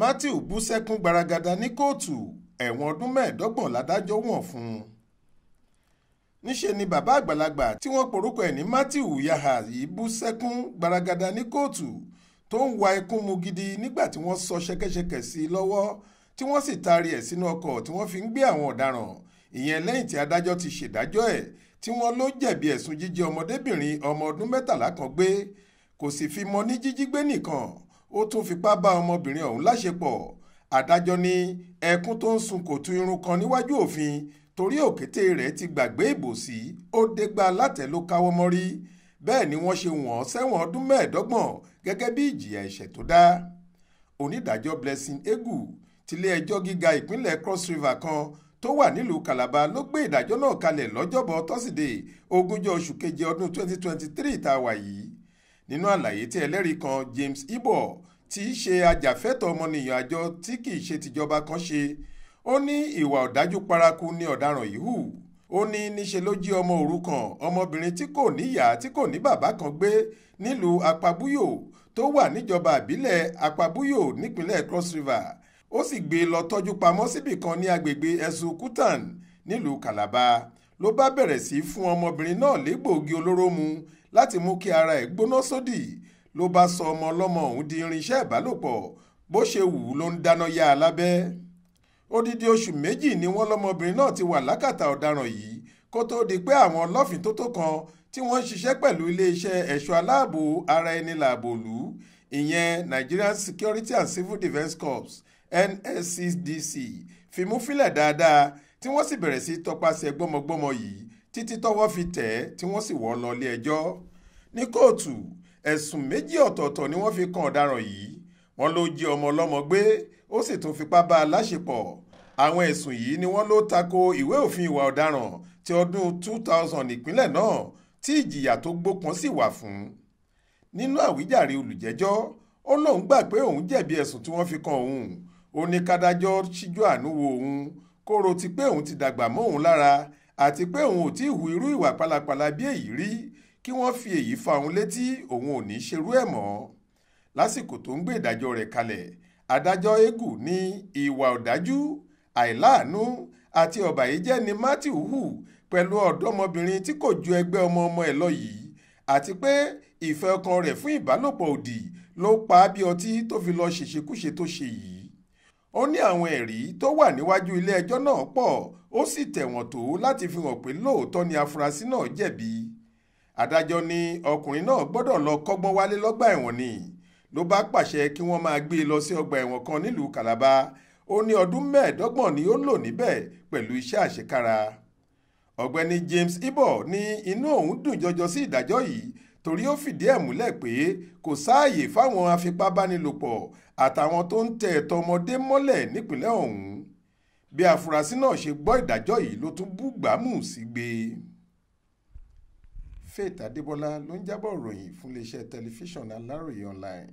matthew bú sẹ́kún gbaragada ní kóòtù ẹ̀wọ̀n ọdún mẹ́ẹ̀ẹ́dọ́gbọ̀n ládájọ́ wọ̀n fún un níṣe ni bàbá àgbàlagbà tí wọ́n porúkọ ẹ̀ ní matthew yaha yìí bú sẹ́kún gbaragada ní kóòtù tó ń wa ikún mu gidi nígbà tí wọ́n sọ ṣẹ̀kẹ̀ṣẹ̀kẹ̀ sí i lọ́wọ́ tí wọ́n sì taari ẹ̀ sínú ọkọ̀ tí wọ́n fi ń gbé àwọn ọ̀daràn ìyẹn lẹ́yìn tí adájọ́ ti ṣèdájọ́ ẹ̀ tí wọ́n ló jẹ̀bi ẹ̀sùn jíjí ọmọdébìnrin ọmọ ọdún mẹ́tàlá kan gbé kò sì fi mọ́ ní jíjí gbé nìkan ó tún fipá bá ọmọbìnrin ọ̀hún láṣepọ̀ adájọ́ ní ẹkún tó ń sun kò tu irun kan níwájú òfin torí òkété rẹ̀ ti gbàgbé ìbòsí ó dégbà látẹ̀ ló káwọ́ mọ́rí bẹ́ẹ̀ ni wọ́n ṣe wọ̀n sẹ́wọ̀n ọdún mẹ́ẹ̀ẹ́dọ́gbọ̀n gẹ́gẹ́ bí ìjìyà ẹ̀ṣẹ̀ tó dá onídàájọ́ Blessing Egu tiléẹjọ́ gíga ìpínlẹ̀ Cross River kan tó wà nílùú Calabar ló gbé ìdájọ́ náà kalẹ̀ lọ́jọ́bọ̀ tọ́sídẹ̀ẹ́ ogúnjọ́ oṣù keje ọdún 2023 tá a wà yìí nínú àlàyé tí ẹlẹ́rìí kan James Ibo, tí í ṣe ajàfẹ́tọ̀ọ́ ọmọnìyàn àjọ tí kì í ṣe tìjọba kan ṣe ó ní ìwà ọ̀dájú paraku ni ọ̀daràn yìí hù ó ní níṣe ló jí ọmọ òrukàn ọmọbìnrin tí kò níyàá tí kò ní bàbá kan gbé nílùú apabúyò tó wà níjọba àbílẹ̀ apabúyò nípínlẹ̀ Cross River ó sì gbé e lọ tọ́jú pamọ́ síbì kan ní agbègbè ẹ̀sùn Kutan nílùú Calabar ló bá bẹ̀rẹ̀ sí í fún ọmọbìnrin náà légbòogi olóró mu láti mú kí ara ẹ̀ gbóná sódì ló bá sọ ọmọ ọlọ́mọ ọ̀hún di irinṣẹ́ ìbálòpọ̀ bó ṣe wù ú ló ń dáná yá a lábẹ́. odidi oṣù méjì ni wọ́n lọ́mọbìnrin náà ti wà lákàtà ọ̀daràn yìí kó tóó di pé àwọn ọlọ́fìn tó tó kan tí wọ́n ń ṣiṣẹ́ pẹ̀lú iléeṣẹ́ ẹ̀ṣọ́ aláàbò ara ẹni làbò ìyẹn Nigerian Security and Civil Defence Corps NSCDC fimúfilẹ̀ dáadáa tí wọ́n sì bẹ̀rẹ̀ sí tọpasẹ̀ gbọ́mọgbọ́mọ yìí títí tọ́wọ́ fi tẹ̀ ẹ́ tí wọ́n sì wọ́ lọ ilé ẹjọ́ ní kóòtù ẹ̀sùn méjì ọ̀tọ̀ọ̀tọ̀ ni wọ́n fi kan ọ̀daràn yìí wọ́n ló jí ọmọ ọlọ́mọ gbé ó sì tún fipá bá a láṣepọ̀ àwọn ẹ̀sùn yìí ni wọ́n ló tako ìwé òfin ìwà ọ̀daràn ti ọdún 2000 ìpínlẹ̀ náà tí ìjìyà tó gbópọn sì wà fún nínú àwíjàre olùjẹ́jọ́ ó lóun gbà pé òun jẹ̀bi ẹ̀sùn tí wọ́n fi kan òun ó ní kádájọ́ ṣíjú àánú wo òun kó ro ti pé òun ti dàgbà mọ́ òun lára àti pé òun ò tí ì hu irú ìwà pálapàla bí èyí rí kí wọ́n fi èyí fa òun létí òun ò ní ṣerú ẹ̀ mọ́ lásìkò tó ń gbé ìdájọ́ rẹ̀ kalẹ̀ adájọ́ egu ní ìwà ọ̀dájú àìláàánú àti ọ̀bàyéjẹ́ ni matthew hù pẹ̀lú ọ̀dọ́mọbìnrin tí kò ju ẹgbẹ́ ọmọ ọmọ ẹ̀ lọ yìí àti pé ìfẹ́ ọkàn rẹ̀ fún ìbálòpọ̀ òdì ló pa bí ọtí tó fi lọ ṣèṣekúṣe tó ṣe yìí ó ní àwọn ẹ̀rí tó wà níwájú ilé-ẹjọ́ náà pọ̀ ó sì tẹ̀wọ̀n tó láti fi hàn pé lóòótọ́ ni afurasí náà jẹ̀bi adájọ́ ní ọkùnrin náà gbọ́dọ̀ lọ kọ́gbọ́n wálé lọ́gbà ẹ̀wọ̀n ni ló bá pàṣẹ kí wọ́n máa gbé e lọ sí ọgbà ẹ̀wọ̀n kan nílùú Calabar ó ní ọdún mẹ́ẹ̀ẹ́dọ́gbọ̀n ni ó lò níbẹ̀ pẹ̀lú iṣẹ́ àṣekára ọ̀gbẹ́ni James Ibo ni inú òun dùn jọjọ sí ìdájọ́ yìí torí ó fìdí ẹ̀ múlẹ̀ pé kò sáàyè fáwọn afipábánilòpọ̀ àtàwọn tó ń tẹ ẹ̀tọ́ ọmọdé mọ́lẹ̀ nípìnlẹ̀ ọ̀hún bí afurasí náà ṣe gbọ́ ìdájọ́ yìí ló tún búgbàmù sígbe. Faith Adébọlá ló ń jábọ̀ ròyìn fún iléeṣẹ́ tẹlifíṣàn Aláròye online.